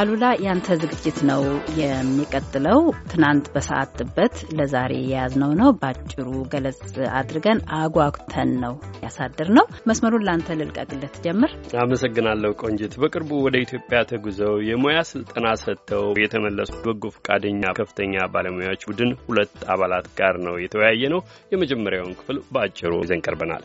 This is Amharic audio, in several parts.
አሉላ ያንተ ዝግጅት ነው የሚቀጥለው። ትናንት በሰዓት ጥበት ለዛሬ የያዝነው ነው። በአጭሩ ገለጽ አድርገን አጓጉተን ነው ያሳድር ነው። መስመሩን ለአንተ ልልቀቅለት ጀምር። አመሰግናለሁ ቆንጅት። በቅርቡ ወደ ኢትዮጵያ ተጉዘው የሙያ ስልጠና ሰጥተው የተመለሱ በጎ ፈቃደኛ ከፍተኛ ባለሙያዎች ቡድን ሁለት አባላት ጋር ነው የተወያየ ነው። የመጀመሪያውን ክፍል በአጭሩ ይዘን ቀርበናል።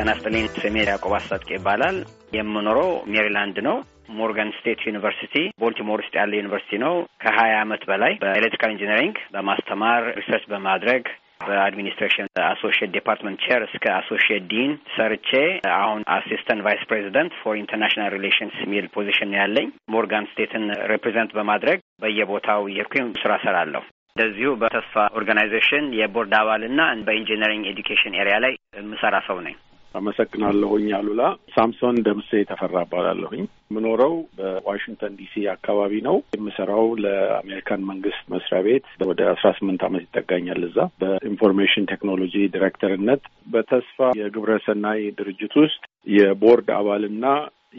ጤና ይስጥልኝ። ስሜ ያዕቆብ ይባላል። የምኖረው ሜሪላንድ ነው። ሞርጋን ስቴት ዩኒቨርሲቲ ቦልቲሞር ውስጥ ያለ ዩኒቨርሲቲ ነው። ከሀያ ዓመት በላይ በኤሌክትሪካል ኢንጂነሪንግ በማስተማር ሪሰርች በማድረግ በአድሚኒስትሬሽን አሶሽት ዲፓርትመንት ቼር እስከ አሶሽት ዲን ሰርቼ አሁን አሲስተንት ቫይስ ፕሬዚደንት ፎር ኢንተርናሽናል ሪሌሽንስ የሚል ፖዚሽን ያለኝ ሞርጋን ስቴትን ሪፕሬዘንት በማድረግ በየቦታው እየሄድኩኝ ስራ እሰራለሁ። እንደዚሁ በተስፋ ኦርጋናይዜሽን የቦርድ አባልና በኢንጂነሪንግ ኤዱኬሽን ኤሪያ ላይ የምሰራ ሰው ነኝ። አመሰግናለሁኝ አሉላ። ሳምሶን ደምሴ ተፈራ እባላለሁኝ። የምኖረው በዋሽንግተን ዲሲ አካባቢ ነው። የምሰራው ለአሜሪካን መንግስት መስሪያ ቤት ወደ አስራ ስምንት ዓመት ይጠጋኛል እዛ በኢንፎርሜሽን ቴክኖሎጂ ዲሬክተርነት በተስፋ የግብረ ሰናይ ድርጅት ውስጥ የቦርድ አባልና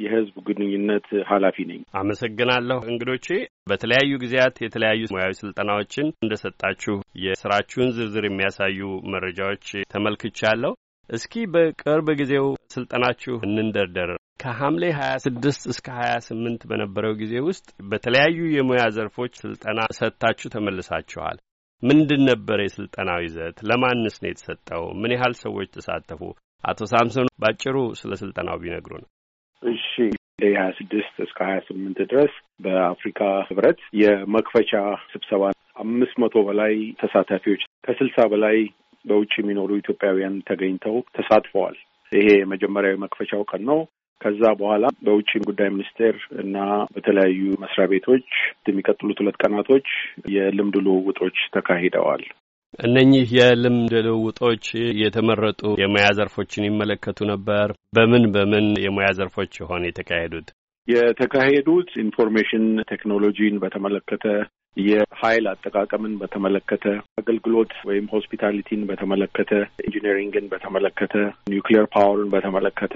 የህዝብ ግንኙነት ኃላፊ ነኝ። አመሰግናለሁ። እንግዶቼ በተለያዩ ጊዜያት የተለያዩ ሙያዊ ስልጠናዎችን እንደሰጣችሁ የስራችሁን ዝርዝር የሚያሳዩ መረጃዎች ተመልክቻለሁ። እስኪ በቅርብ ጊዜው ስልጠናችሁ እንንደርደር። ከሐምሌ 26 እስከ 28 በነበረው ጊዜ ውስጥ በተለያዩ የሙያ ዘርፎች ስልጠና ሰጥታችሁ ተመልሳችኋል። ምንድን ነበር የስልጠናው ይዘት? ለማንስ ነው የተሰጠው? ምን ያህል ሰዎች ተሳተፉ? አቶ ሳምሰኑ ባጭሩ ስለ ስልጠናው ቢነግሩ ነው። እሺ ሀያ ስድስት እስከ 28 ድረስ በአፍሪካ ህብረት የመክፈቻ ስብሰባ አምስት መቶ በላይ ተሳታፊዎች ከስልሳ በላይ በውጭ የሚኖሩ ኢትዮጵያውያን ተገኝተው ተሳትፈዋል። ይሄ የመጀመሪያዊ መክፈቻው ቀን ነው። ከዛ በኋላ በውጭ ጉዳይ ሚኒስቴር እና በተለያዩ መስሪያ ቤቶች የሚቀጥሉት ሁለት ቀናቶች የልምድ ልውውጦች ተካሂደዋል። እነኚህ የልምድ ልውውጦች የተመረጡ የሙያ ዘርፎችን ይመለከቱ ነበር። በምን በምን የሙያ ዘርፎች የሆነ የተካሄዱት የተካሄዱት ኢንፎርሜሽን ቴክኖሎጂን በተመለከተ የኃይል አጠቃቀምን በተመለከተ፣ አገልግሎት ወይም ሆስፒታሊቲን በተመለከተ፣ ኢንጂነሪንግን በተመለከተ፣ ኒውክሊየር ፓወርን በተመለከተ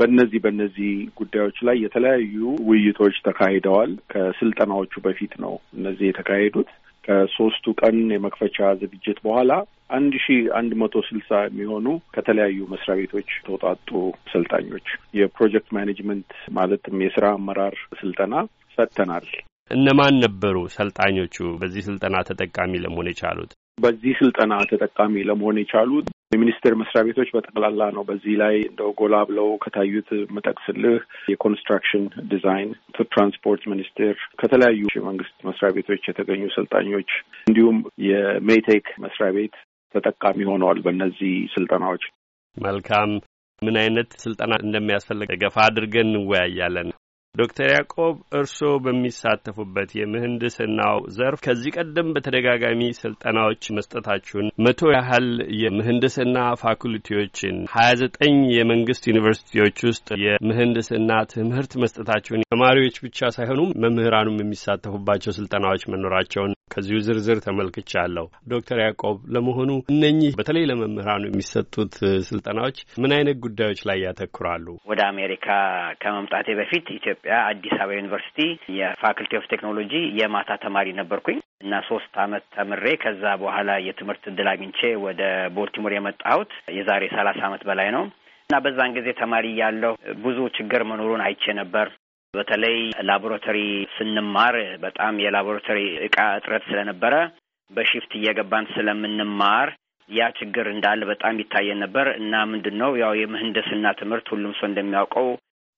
በነዚህ በነዚህ ጉዳዮች ላይ የተለያዩ ውይይቶች ተካሂደዋል። ከስልጠናዎቹ በፊት ነው እነዚህ የተካሄዱት። ከሶስቱ ቀን የመክፈቻ ዝግጅት በኋላ አንድ ሺ አንድ መቶ ስልሳ የሚሆኑ ከተለያዩ መስሪያ ቤቶች የተውጣጡ ሰልጣኞች የፕሮጀክት ማኔጅመንት ማለትም የስራ አመራር ስልጠና ሰጥተናል። እነማን ነበሩ ሰልጣኞቹ? በዚህ ስልጠና ተጠቃሚ ለመሆን የቻሉት በዚህ ስልጠና ተጠቃሚ ለመሆን የቻሉት የሚኒስቴር መስሪያ ቤቶች በጠቅላላ ነው። በዚህ ላይ እንደው ጎላ ብለው ከታዩት መጠቅስልህ የኮንስትራክሽን ዲዛይን፣ ትራንስፖርት ሚኒስቴር፣ ከተለያዩ የመንግስት መስሪያ ቤቶች የተገኙ ሰልጣኞች እንዲሁም የሜቴክ መስሪያ ቤት ተጠቃሚ ሆነዋል። በእነዚህ ስልጠናዎች መልካም ምን አይነት ስልጠና እንደሚያስፈልግ ገፋ አድርገን እንወያያለን። ዶክተር ያዕቆብ እርስዎ በሚሳተፉበት የምህንድስናው ዘርፍ ከዚህ ቀደም በተደጋጋሚ ስልጠናዎች መስጠታችሁን መቶ ያህል የምህንድስና ፋኩልቲዎችን ሀያ ዘጠኝ የመንግስት ዩኒቨርሲቲዎች ውስጥ የምህንድስና ትምህርት መስጠታችሁን ተማሪዎች ብቻ ሳይሆኑም መምህራኑም የሚሳተፉባቸው ስልጠናዎች መኖራቸውን ከዚሁ ዝርዝር ተመልክቻለሁ። ዶክተር ያዕቆብ ለመሆኑ እነኚህ በተለይ ለመምህራኑ የሚሰጡት ስልጠናዎች ምን አይነት ጉዳዮች ላይ ያተኩራሉ? ወደ አሜሪካ ከመምጣቴ በፊት ኢትዮጵያ አዲስ አበባ ዩኒቨርሲቲ የፋክልቲ ኦፍ ቴክኖሎጂ የማታ ተማሪ ነበርኩኝ እና ሶስት አመት ተምሬ ከዛ በኋላ የትምህርት እድል አግኝቼ ወደ ቦልቲሞር የመጣሁት የዛሬ ሰላሳ አመት በላይ ነው እና በዛን ጊዜ ተማሪ ያለው ብዙ ችግር መኖሩን አይቼ ነበር። በተለይ ላቦራቶሪ ስንማር በጣም የላቦራቶሪ እቃ እጥረት ስለነበረ በሽፍት እየገባን ስለምንማር ያ ችግር እንዳለ በጣም ይታየን ነበር እና ምንድን ነው ያው የምህንድስና ትምህርት ሁሉም ሰው እንደሚያውቀው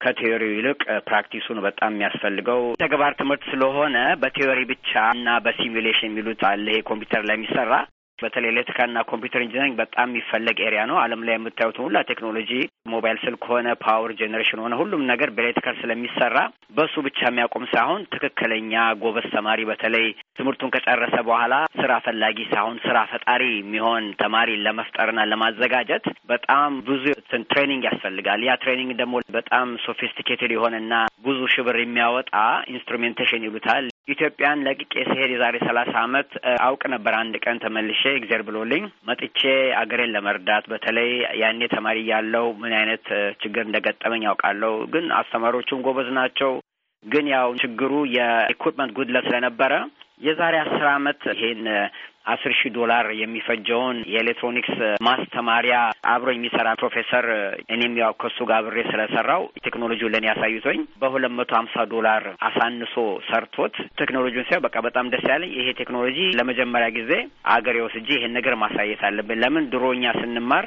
ከቴዎሪው ይልቅ ፕራክቲሱን በጣም የሚያስፈልገው። ተግባር ትምህርት ስለሆነ በቴዎሪ ብቻ እና በሲሚሌሽን የሚሉት አለ ይሄ ኮምፒውተር ላይ የሚሰራ በተለይ ኤሌክትሪካልና ኮምፒውተር ኢንጂነሪንግ በጣም የሚፈለግ ኤሪያ ነው። ዓለም ላይ የምታዩት ሁላ ቴክኖሎጂ ሞባይል ስልክ ሆነ ፓወር ጄኔሬሽን ሆነ ሁሉም ነገር በኤሌክትሪካል ስለሚሰራ በሱ ብቻ የሚያቆም ሳይሆን ትክክለኛ ጎበዝ ተማሪ በተለይ ትምህርቱን ከጨረሰ በኋላ ስራ ፈላጊ ሳይሆን ስራ ፈጣሪ የሚሆን ተማሪ ለመፍጠርና ለማዘጋጀት በጣም ብዙ ትሬኒንግ ያስፈልጋል። ያ ትሬኒንግ ደግሞ በጣም ሶፊስቲኬትድ የሆነና ብዙ ሽብር የሚያወጣ ኢንስትሩሜንቴሽን ይሉታል። ኢትዮጵያን ለቅቄ ስሄድ የዛሬ ሰላሳ አመት አውቅ ነበር። አንድ ቀን ተመልሼ እግዜር ብሎልኝ መጥቼ አገሬን ለመርዳት በተለይ ያኔ ተማሪ ያለው ምን ምን አይነት ችግር እንደገጠመኝ ያውቃለሁ። ግን አስተማሪዎቹም ጎበዝ ናቸው። ግን ያው ችግሩ የኢኩፕመንት ጉድለት ስለነበረ የዛሬ አስር አመት ይሄን አስር ሺህ ዶላር የሚፈጀውን የኤሌክትሮኒክስ ማስተማሪያ አብሮ የሚሰራ ፕሮፌሰር እኔም ያው ከሱ ጋር አብሬ ስለሰራው ቴክኖሎጂውን ለእኔ ያሳዩቶኝ በሁለት መቶ ሀምሳ ዶላር አሳንሶ ሰርቶት ቴክኖሎጂውን ሲያ በቃ በጣም ደስ ያለኝ ይሄ ቴክኖሎጂ ለመጀመሪያ ጊዜ አገሬ ወስጄ ይሄን ነገር ማሳየት አለብን። ለምን ድሮኛ ስንማር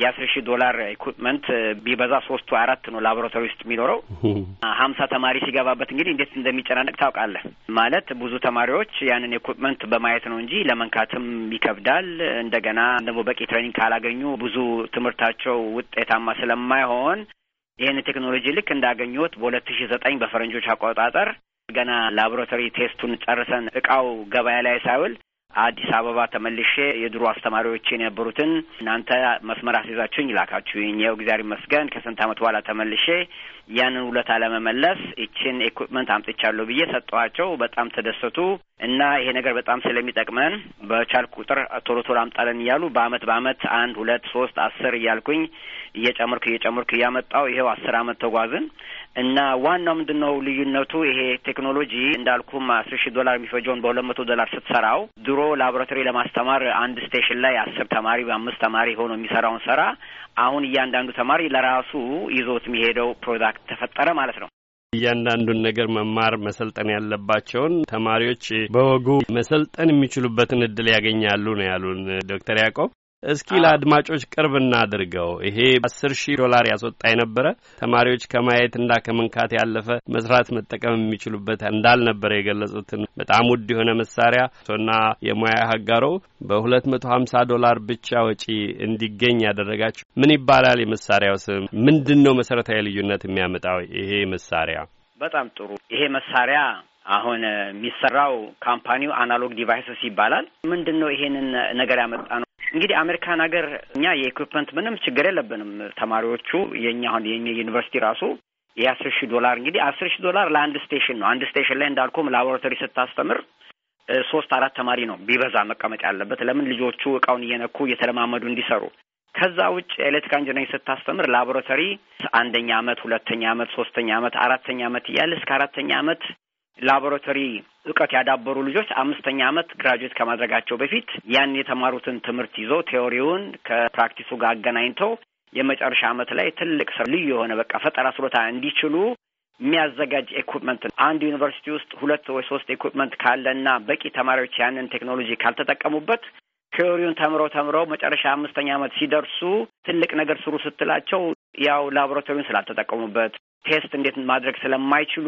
የአስር ሺህ ዶላር ኢኩፕመንት ቢበዛ ሶስቱ አራት ነው ላቦራቶሪ ውስጥ የሚኖረው። ሀምሳ ተማሪ ሲገባበት እንግዲህ እንዴት እንደሚጨናነቅ ታውቃለህ። ማለት ብዙ ተማሪዎች ያንን ኢኩፕመንት በማየት ነው እንጂ ለመንካትም ይከብዳል። እንደገና ደግሞ በቂ ትሬኒንግ ካላገኙ ብዙ ትምህርታቸው ውጤታማ ስለማይሆን ይህን ቴክኖሎጂ ልክ እንዳገኘት በሁለት ሺ ዘጠኝ በፈረንጆች አቆጣጠር ገና ላቦራቶሪ ቴስቱን ጨርሰን እቃው ገበያ ላይ ሳይውል አዲስ አበባ ተመልሼ የድሮ አስተማሪዎች የነበሩትን እናንተ መስመር አስይዛችሁኝ ይላካችሁኝ ይኸው እግዚአብሔር ይመስገን ከስንት ዓመት በኋላ ተመልሼ ያንን ውለታ ለመመለስ ይችን ኤኩፕመንት አምጥቻለሁ ብዬ ሰጠኋቸው። በጣም ተደሰቱ እና ይሄ ነገር በጣም ስለሚጠቅመን በቻል ቁጥር ቶሎ ቶሎ አምጣለን እያሉ በአመት በአመት አንድ ሁለት ሶስት አስር እያልኩኝ እየጨመርኩ እየጨመርኩ እያመጣው ይኸው አስር አመት ተጓዝን። እና ዋናው ምንድን ነው ልዩነቱ? ይሄ ቴክኖሎጂ እንዳልኩም አስር ሺህ ዶላር የሚፈጀውን በሁለት መቶ ዶላር ስትሰራው ድሮ ላቦራቶሪ ለማስተማር አንድ ስቴሽን ላይ አስር ተማሪ በአምስት ተማሪ ሆኖ የሚሰራውን ስራ አሁን እያንዳንዱ ተማሪ ለራሱ ይዞት የሚሄደው ፕሮዳክት ተፈጠረ ማለት ነው። እያንዳንዱን ነገር መማር መሰልጠን ያለባቸውን ተማሪዎች በወጉ መሰልጠን የሚችሉበትን እድል ያገኛሉ ነው ያሉን ዶክተር ያዕቆብ። እስኪ ለአድማጮች ቅርብ እናድርገው። ይሄ አስር ሺህ ዶላር ያስወጣ የነበረ ተማሪዎች ከማየት እና ከመንካት ያለፈ መስራት መጠቀም የሚችሉበት እንዳልነበረ የገለጹትን በጣም ውድ የሆነ መሳሪያ ሶና የሙያ ሀጋሮ በሁለት መቶ ሀምሳ ዶላር ብቻ ወጪ እንዲገኝ ያደረጋችሁ ምን ይባላል? የመሳሪያው ስም ምንድን ነው? መሰረታዊ ልዩነት የሚያመጣው ይሄ መሳሪያ። በጣም ጥሩ። ይሄ መሳሪያ አሁን የሚሰራው ካምፓኒው አናሎግ ዲቫይስስ ይባላል። ምንድን ነው ይሄንን ነገር ያመጣ ነው? እንግዲህ አሜሪካን ሀገር እኛ የኢኩፕመንት ምንም ችግር የለብንም። ተማሪዎቹ የእኛ አሁን የእኛ ዩኒቨርሲቲ ራሱ የአስር ሺህ ዶላር እንግዲህ አስር ሺህ ዶላር ለአንድ ስቴሽን ነው። አንድ ስቴሽን ላይ እንዳልኩም ላቦራቶሪ ስታስተምር ሶስት አራት ተማሪ ነው ቢበዛ መቀመጥ ያለበት። ለምን ልጆቹ እቃውን እየነኩ እየተለማመዱ እንዲሰሩ። ከዛ ውጭ ኤሌክትሪካ ኢንጂነሪንግ ስታስተምር ላቦራቶሪ አንደኛ አመት፣ ሁለተኛ አመት፣ ሶስተኛ አመት፣ አራተኛ አመት እያለ እስከ አራተኛ አመት ላቦራቶሪ እውቀት ያዳበሩ ልጆች አምስተኛ ዓመት ግራጁዌት ከማድረጋቸው በፊት ያን የተማሩትን ትምህርት ይዞ ቴዎሪውን ከፕራክቲሱ ጋር አገናኝተው የመጨረሻ ዓመት ላይ ትልቅ ስራ ልዩ የሆነ በቃ ፈጠራ ችሎታ እንዲችሉ የሚያዘጋጅ ኤኩፕመንት ነው። አንድ ዩኒቨርሲቲ ውስጥ ሁለት ወይ ሶስት ኤኩፕመንት ካለና በቂ ተማሪዎች ያንን ቴክኖሎጂ ካልተጠቀሙበት ቴዎሪውን ተምረው ተምረው መጨረሻ አምስተኛ ዓመት ሲደርሱ ትልቅ ነገር ስሩ ስትላቸው ያው ላቦራቶሪውን ስላልተጠቀሙበት ቴስት እንዴት ማድረግ ስለማይችሉ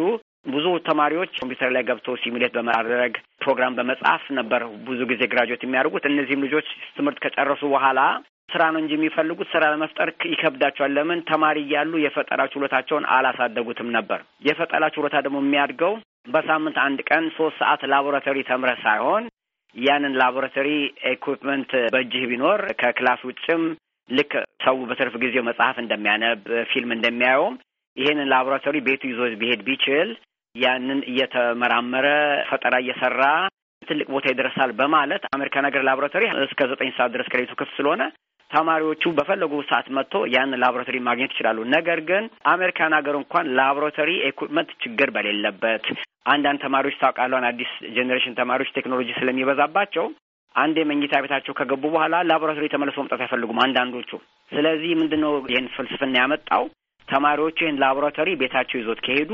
ብዙ ተማሪዎች ኮምፒውተር ላይ ገብተው ሲሚሌት በማድረግ ፕሮግራም በመጻፍ ነበር ብዙ ጊዜ ግራጁዌት የሚያደርጉት። እነዚህም ልጆች ትምህርት ከጨረሱ በኋላ ስራ ነው እንጂ የሚፈልጉት ስራ ለመፍጠር ይከብዳቸዋል። ለምን? ተማሪ እያሉ የፈጠራ ችሎታቸውን አላሳደጉትም ነበር። የፈጠራ ችሎታ ደግሞ የሚያድገው በሳምንት አንድ ቀን ሶስት ሰዓት ላቦራቶሪ ተምረህ ሳይሆን ያንን ላቦራቶሪ ኤኩፕመንት በእጅህ ቢኖር ከክላስ ውጭም ልክ ሰው በትርፍ ጊዜው መጽሐፍ እንደሚያነብ ፊልም እንደሚያየውም ይሄንን ላቦራቶሪ ቤቱ ይዞ ቢሄድ ቢችል ያንን እየተመራመረ ፈጠራ እየሰራ ትልቅ ቦታ ይደርሳል በማለት አሜሪካ ነገር ላቦራቶሪ እስከ ዘጠኝ ሰዓት ድረስ ከሌቱ ክፍት ስለሆነ ተማሪዎቹ በፈለጉ ሰዓት መጥቶ ያንን ላቦራቶሪ ማግኘት ይችላሉ። ነገር ግን አሜሪካን ሀገር እንኳን ላቦራቶሪ ኤኩፕመንት ችግር በሌለበት አንዳንድ ተማሪዎች ታውቃለን፣ አዲስ ጄኔሬሽን ተማሪዎች ቴክኖሎጂ ስለሚበዛባቸው አንድ የመኝታ ቤታቸው ከገቡ በኋላ ላቦራቶሪ ተመልሶ መምጣት አይፈልጉም አንዳንዶቹ። ስለዚህ ምንድን ነው ይህን ፍልስፍና ያመጣው? ተማሪዎቹ ይህን ላቦራቶሪ ቤታቸው ይዞት ከሄዱ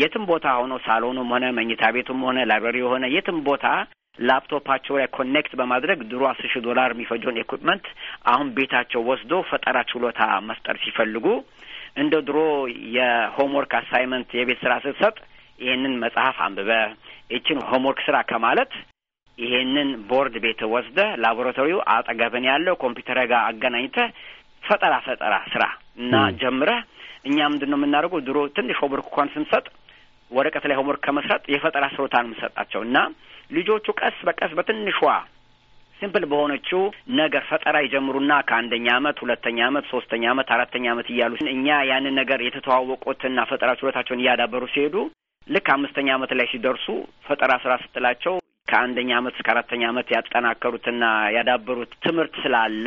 የትም ቦታ ሆኖ ሳሎኑም ሆነ መኝታ ቤቱም ሆነ ላይብረሪ ሆነ የትም ቦታ ላፕቶፓቸው ላይ ኮኔክት በማድረግ ድሮ አስር ሺህ ዶላር የሚፈጀውን ኤኩፕመንት አሁን ቤታቸው ወስዶ ፈጠራ ችሎታ መፍጠር ሲፈልጉ እንደ ድሮ የሆምወርክ አሳይመንት የቤት ስራ ስትሰጥ ይሄንን መጽሐፍ አንብበ ይችን ሆምወርክ ስራ ከማለት ይሄንን ቦርድ ቤት ወስደ ላቦራቶሪው አጠገብን ያለው ኮምፒውተር ጋር አገናኝተ ፈጠራ ፈጠራ ስራ እና ጀምረህ እኛ ምንድን ነው የምናደርገው? ድሮ ትንሽ ሆምወርክ እንኳን ስንሰጥ ወረቀት ላይ ሆምወርክ ከመስራት የፈጠራ ስሮታን የምሰጣቸው እና ልጆቹ ቀስ በቀስ በትንሿ ሲምፕል በሆነችው ነገር ፈጠራ ይጀምሩና ከአንደኛ አመት፣ ሁለተኛ አመት፣ ሶስተኛ አመት፣ አራተኛ አመት እያሉ እኛ ያንን ነገር የተተዋወቁትና ፈጠራ ችሎታቸውን እያዳበሩ ሲሄዱ ልክ አምስተኛ አመት ላይ ሲደርሱ ፈጠራ ስራ ስትላቸው ከአንደኛ ዓመት እስከ አራተኛ ዓመት ያጠናከሩትና ያዳበሩት ትምህርት ስላለ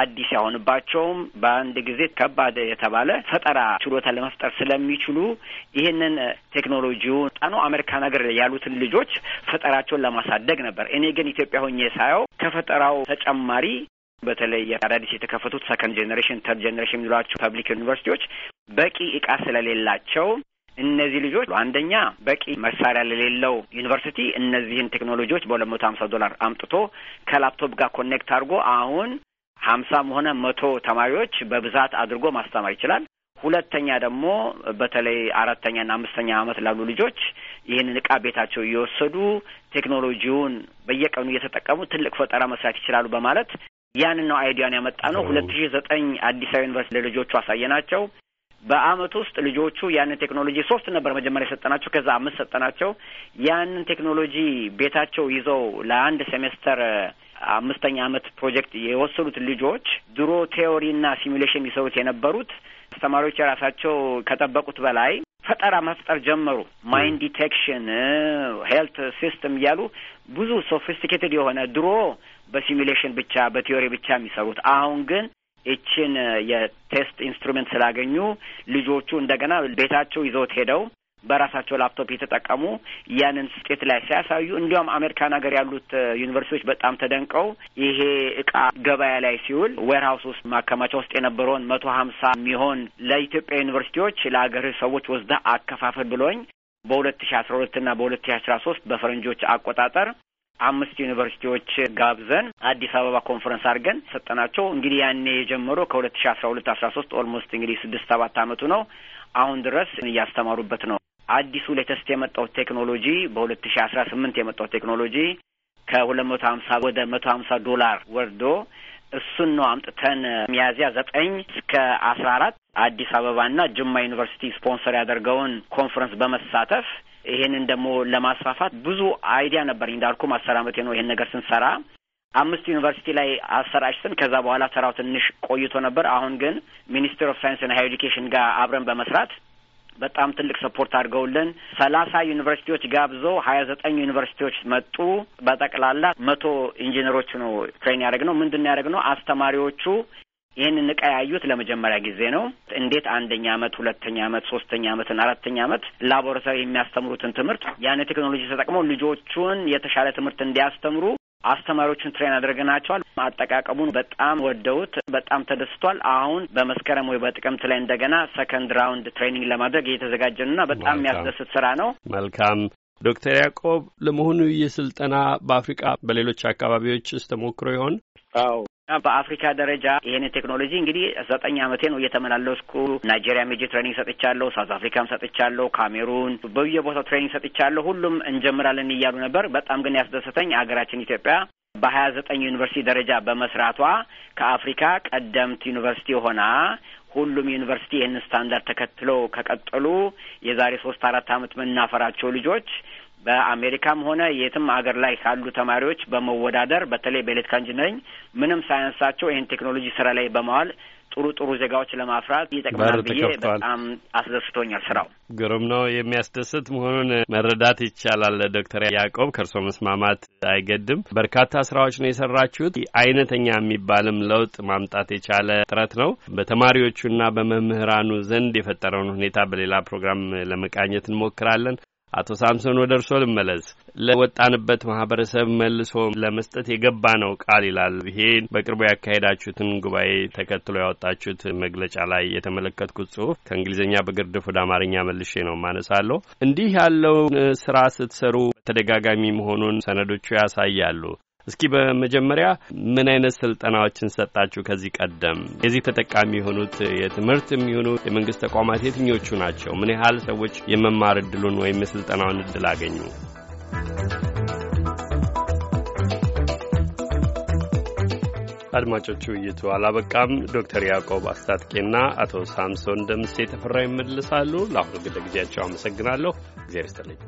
አዲስ ያሆንባቸውም በአንድ ጊዜ ከባድ የተባለ ፈጠራ ችሎታ ለመፍጠር ስለሚችሉ ይህንን ቴክኖሎጂውን ጣኖ አሜሪካ ነገር ያሉትን ልጆች ፈጠራቸውን ለማሳደግ ነበር። እኔ ግን ኢትዮጵያ ሆኜ ሳየው ከፈጠራው ተጨማሪ በተለይ አዳዲስ የተከፈቱት ሰከንድ ጀኔሬሽን፣ ተርድ ጀኔሬሽን የሚሏቸው ፐብሊክ ዩኒቨርሲቲዎች በቂ እቃ ስለሌላቸው እነዚህ ልጆች አንደኛ በቂ መሳሪያ ለሌለው ዩኒቨርሲቲ እነዚህን ቴክኖሎጂዎች በሁለት መቶ ሀምሳ ዶላር አምጥቶ ከላፕቶፕ ጋር ኮኔክት አድርጎ አሁን ሀምሳም ሆነ መቶ ተማሪዎች በብዛት አድርጎ ማስተማር ይችላል። ሁለተኛ ደግሞ በተለይ አራተኛና አምስተኛ ዓመት ላሉ ልጆች ይህንን እቃ ቤታቸው እየወሰዱ ቴክኖሎጂውን በየቀኑ እየተጠቀሙ ትልቅ ፈጠራ መስራት ይችላሉ በማለት ያንን ነው አይዲያን ያመጣ ነው። ሁለት ሺ ዘጠኝ አዲስ አበባ ዩኒቨርሲቲ ለልጆቹ አሳየ ናቸው። በአመት ውስጥ ልጆቹ ያንን ቴክኖሎጂ ሶስት ነበር መጀመሪያ የሰጠናቸው፣ ከዛ አምስት ሰጠናቸው። ያንን ቴክኖሎጂ ቤታቸው ይዘው ለአንድ ሴሜስተር አምስተኛ አመት ፕሮጀክት የወሰዱት ልጆች ድሮ ቴዎሪና ሲሚሌሽን ይሰሩት የነበሩት አስተማሪዎች የራሳቸው ከጠበቁት በላይ ፈጠራ መፍጠር ጀመሩ። ማይንድ ዲቴክሽን፣ ሄልት ሲስተም እያሉ ብዙ ሶፊስቲኬትድ የሆነ ድሮ በሲሚሌሽን ብቻ በቲዮሪ ብቻ የሚሰሩት አሁን ግን ይችን የቴስት ኢንስትሩመንት ስላገኙ ልጆቹ እንደገና ቤታቸው ይዘውት ሄደው በራሳቸው ላፕቶፕ የተጠቀሙ ያንን ስጤት ላይ ሲያሳዩ፣ እንዲያውም አሜሪካን ሀገር ያሉት ዩኒቨርሲቲዎች በጣም ተደንቀው ይሄ እቃ ገበያ ላይ ሲውል ዌርሃውስ ውስጥ ማከማቻ ውስጥ የነበረውን መቶ ሀምሳ የሚሆን ለኢትዮጵያ ዩኒቨርሲቲዎች ለሀገር ሰዎች ወስደህ አከፋፈል ብሎኝ በሁለት ሺ አስራ ሁለት ና በሁለት ሺ አስራ ሶስት በፈረንጆች አቆጣጠር አምስት ዩኒቨርሲቲዎች ጋብዘን አዲስ አበባ ኮንፈረንስ አድርገን ሰጠናቸው። እንግዲህ ያኔ የጀመሮ ከሁለት ሺ አስራ ሁለት አስራ ሶስት ኦልሞስት እንግዲህ ስድስት ሰባት አመቱ ነው። አሁን ድረስ እያስተማሩበት ነው። አዲሱ ሌተስት የመጣው ቴክኖሎጂ በሁለት ሺ አስራ ስምንት የመጣው ቴክኖሎጂ ከሁለት መቶ ሀምሳ ወደ መቶ ሀምሳ ዶላር ወርዶ እሱን ነው አምጥተን ሚያዝያ ዘጠኝ እስከ አስራ አራት አዲስ አበባና ጅማ ዩኒቨርሲቲ ስፖንሰር ያደርገውን ኮንፈረንስ በመሳተፍ ይሄንን ደግሞ ለማስፋፋት ብዙ አይዲያ ነበር። እንዳልኩም አስር አመቴ ነው ይሄን ነገር ስንሰራ አምስት ዩኒቨርሲቲ ላይ አሰራጭተን ከዛ በኋላ ስራው ትንሽ ቆይቶ ነበር። አሁን ግን ሚኒስትር ኦፍ ና ሀይ ኤዱኬሽን ጋር አብረን በመስራት በጣም ትልቅ ሰፖርት አድርገውልን ሰላሳ ዩኒቨርሲቲዎች ጋብዘው ሀያ ዘጠኝ ዩኒቨርሲቲዎች መጡ። በጠቅላላ መቶ ኢንጂነሮች ነው ትሬን ነው። ምንድን ነው? አስተማሪዎቹ ይህንን እቃ ያዩት ለመጀመሪያ ጊዜ ነው። እንዴት አንደኛ ዓመት፣ ሁለተኛ አመት፣ ሶስተኛ ዓመትና አራተኛ ዓመት ላቦራቶሪ የሚያስተምሩትን ትምህርት ያን ቴክኖሎጂ ተጠቅመው ልጆቹን የተሻለ ትምህርት እንዲያስተምሩ አስተማሪዎቹን ትሬን አድርገናቸዋል። አጠቃቀሙን በጣም ወደውት በጣም ተደስቷል። አሁን በመስከረም ወይ በጥቅምት ላይ እንደገና ሰከንድ ራውንድ ትሬኒንግ ለማድረግ እየተዘጋጀንና በጣም የሚያስደስት ስራ ነው። መልካም ዶክተር ያዕቆብ ለመሆኑ ይህ ስልጠና በአፍሪቃ በሌሎች አካባቢዎች ተሞክሮ ይሆን? አዎ በአፍሪካ ደረጃ ይህን ቴክኖሎጂ እንግዲህ ዘጠኝ አመቴ ነው እየተመላለስኩ ናይጄሪያ ሜጅ ትሬኒንግ ሰጥቻለሁ፣ ሳውዝ አፍሪካም ሰጥቻለሁ፣ ካሜሩን በየቦታው ትሬኒንግ ሰጥቻለሁ። ሁሉም እንጀምራለን እያሉ ነበር። በጣም ግን ያስደሰተኝ ሀገራችን ኢትዮጵያ በሀያ ዘጠኝ ዩኒቨርሲቲ ደረጃ በመስራቷ ከአፍሪካ ቀደምት ዩኒቨርሲቲ ሆና ሁሉም ዩኒቨርሲቲ ይህንን ስታንዳርድ ተከትለው ከቀጠሉ የዛሬ ሶስት አራት ዓመት የምናፈራቸው ልጆች በአሜሪካም ሆነ የትም አገር ላይ ካሉ ተማሪዎች በመወዳደር በተለይ በኤሌክትሪካ ኢንጂነሪንግ ምንም ሳያንሳቸው ይህን ቴክኖሎጂ ስራ ላይ በመዋል ጥሩ ጥሩ ዜጋዎች ለማፍራት ይጠቅማል ብዬ በጣም አስደስቶኛል። ስራው ግሩም ነው፣ የሚያስደስት መሆኑን መረዳት ይቻላል። ዶክተር ያዕቆብ ከእርስዎ መስማማት አይገድም። በርካታ ስራዎች ነው የሰራችሁት። አይነተኛ የሚባልም ለውጥ ማምጣት የቻለ ጥረት ነው። በተማሪዎቹና በመምህራኑ ዘንድ የፈጠረውን ሁኔታ በሌላ ፕሮግራም ለመቃኘት እንሞክራለን። አቶ ሳምሶን ወደ እርስዎ ልመለስ። ለወጣንበት ማህበረሰብ መልሶ ለመስጠት የገባ ነው ቃል ይላል። ይሄን በቅርቡ ያካሄዳችሁትን ጉባኤ ተከትሎ ያወጣችሁት መግለጫ ላይ የተመለከትኩት ጽሁፍ ከእንግሊዝኛ በግርድፍ ወደ አማርኛ መልሼ ነው ማነሳለሁ። እንዲህ ያለውን ስራ ስትሰሩ ተደጋጋሚ መሆኑን ሰነዶቹ ያሳያሉ። እስኪ በመጀመሪያ ምን አይነት ስልጠናዎችን ሰጣችሁ? ከዚህ ቀደም የዚህ ተጠቃሚ የሆኑት የትምህርት የሚሆኑ የመንግስት ተቋማት የትኞቹ ናቸው? ምን ያህል ሰዎች የመማር እድሉን ወይም የስልጠናውን እድል አገኙ? አድማጮቹ ውይይቱ አላበቃም። ዶክተር ያዕቆብ አስታጥቄና አቶ ሳምሶን ደምሴ ተፈራ ይመልሳሉ። ለአሁኑ ግን ለጊዜያቸው አመሰግናለሁ። እግዚአብሔር ይስጥልኝ።